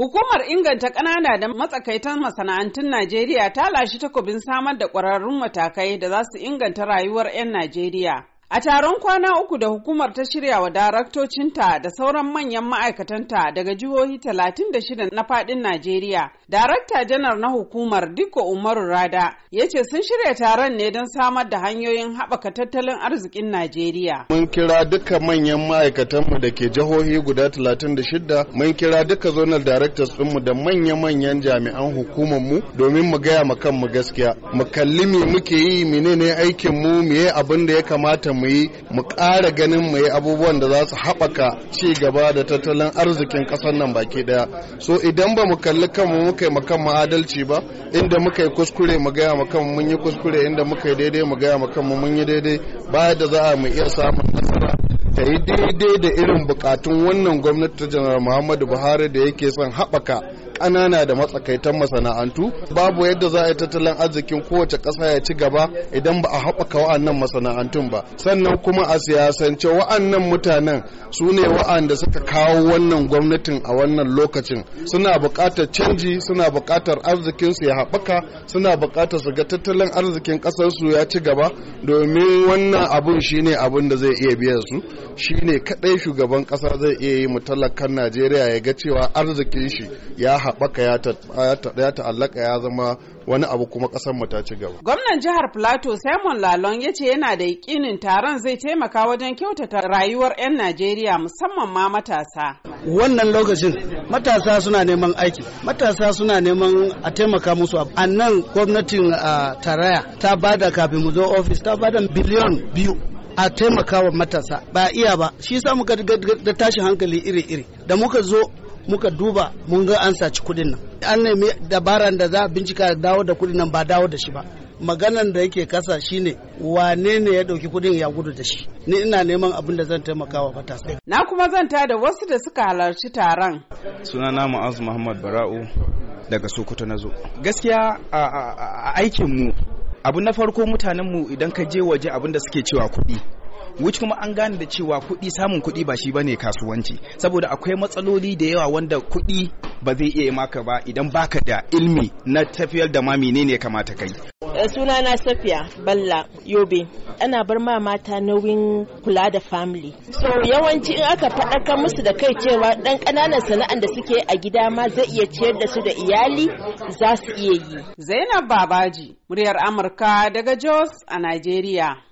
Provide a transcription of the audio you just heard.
Hukumar inganta ƙanana da matsakaitan masana'antun Najeriya ta lashe takobin samar da ƙwararrun matakai da za su inganta rayuwar 'yan Najeriya. A taron kwana uku da hukumar ta shirya wa daraktocinta da sauran manyan ma'aikatanta daga jihohi talatin da shida na fadin Najeriya, darakta janar na hukumar diko Umaru Rada ya ce sun shirya taron ne don samar da hanyoyin haɓaka tattalin arzikin Najeriya. Mun kira duka manyan ma'aikatanmu da ke jihohi guda talatin da 36, mun kira duka zonal directors ɗinmu da manya-manyan jami'an hukumar mu domin mu gaya ma kanmu gaskiya. Mu kalli me muke yi, menene aikinmu, me abin da ya kamata mu. mu yi mu ƙara ganin mu yi abubuwan da za su haɓaka ci gaba da tattalin arzikin ƙasar nan baki ɗaya so idan ba mu kalli kanmu muka yi makan adalci ba inda muka yi kuskure mu gaya ma kanmu mun yi kuskure inda muka yi daidai mu gaya ma kanmu mun yi daidai baya da za a mu iya samun nasara ta yi daidai da irin bukatun wannan gwamnati ta janar muhammadu buhari da yake son haɓaka ƙanana da matsakaitan masana'antu babu yadda za a yi tattalin arzikin kowace ƙasa ya ci gaba idan ba a haɓaka wa'annan masana'antun ba sannan kuma a siyasance wa'annan mutanen su ne wa'anda suka kawo wannan gwamnatin a wannan lokacin suna buƙatar canji suna buƙatar arzikin su ya haɓaka suna buƙatar su ga tattalin arzikin ƙasar su ya ci gaba domin wannan abun shine abun da zai iya biyan su shine kaɗai shugaban ƙasa zai iya yi mu talakan Najeriya ya ga cewa arzikin shi ya haɓaka. haɓaka ya ta'allaka ya zama wani abu kuma ƙasar mu ta ci gaba. Gwamnan jihar Plateau Simon Lalon ya ce yana da yakinin taron zai taimaka wajen kyautata rayuwar 'yan Najeriya musamman ma matasa. Wannan lokacin matasa suna neman aiki, matasa suna neman a taimaka musu a nan gwamnatin taraya ta bada kafin mu zo ofis ta bada biliyon biyu a taimaka wa matasa ba iya ba shi sa muka da tashin hankali iri-iri da muka zo muka duba mun ga an saci kudin nan an nemi dabaran da za a bincika dawo da kudin nan ba dawo da shi ba maganan da yake kasa shine wane ne ya dauki kudin ya gudu da shi ni ina neman abin da zan taimaka wa matasa na kuma ta da wasu da suka halarci taron sunana ma'azu muhammad bara'u daga sokoto na zo gaskiya a aikinmu abu na farko mutanenmu idan ka je waje abin da suke cewa kuɗi which kuma an gane da cewa kuɗi samun kuɗi ba shi ne kasuwanci saboda akwai matsaloli da yawa wanda kuɗi ba zai iya maka ba idan baka da ilmi na tafiyar da ma menene kamata kai eh, suna na safiya balla yobe ana bar ma mata nauyin kula da family so yawanci in aka faɗaka musu da kai cewa ɗan ƙananan sana'an da suke a gida ma zai iya ciyar da su da iyali za su iya yi zainab babaji muryar amurka daga jos a nigeria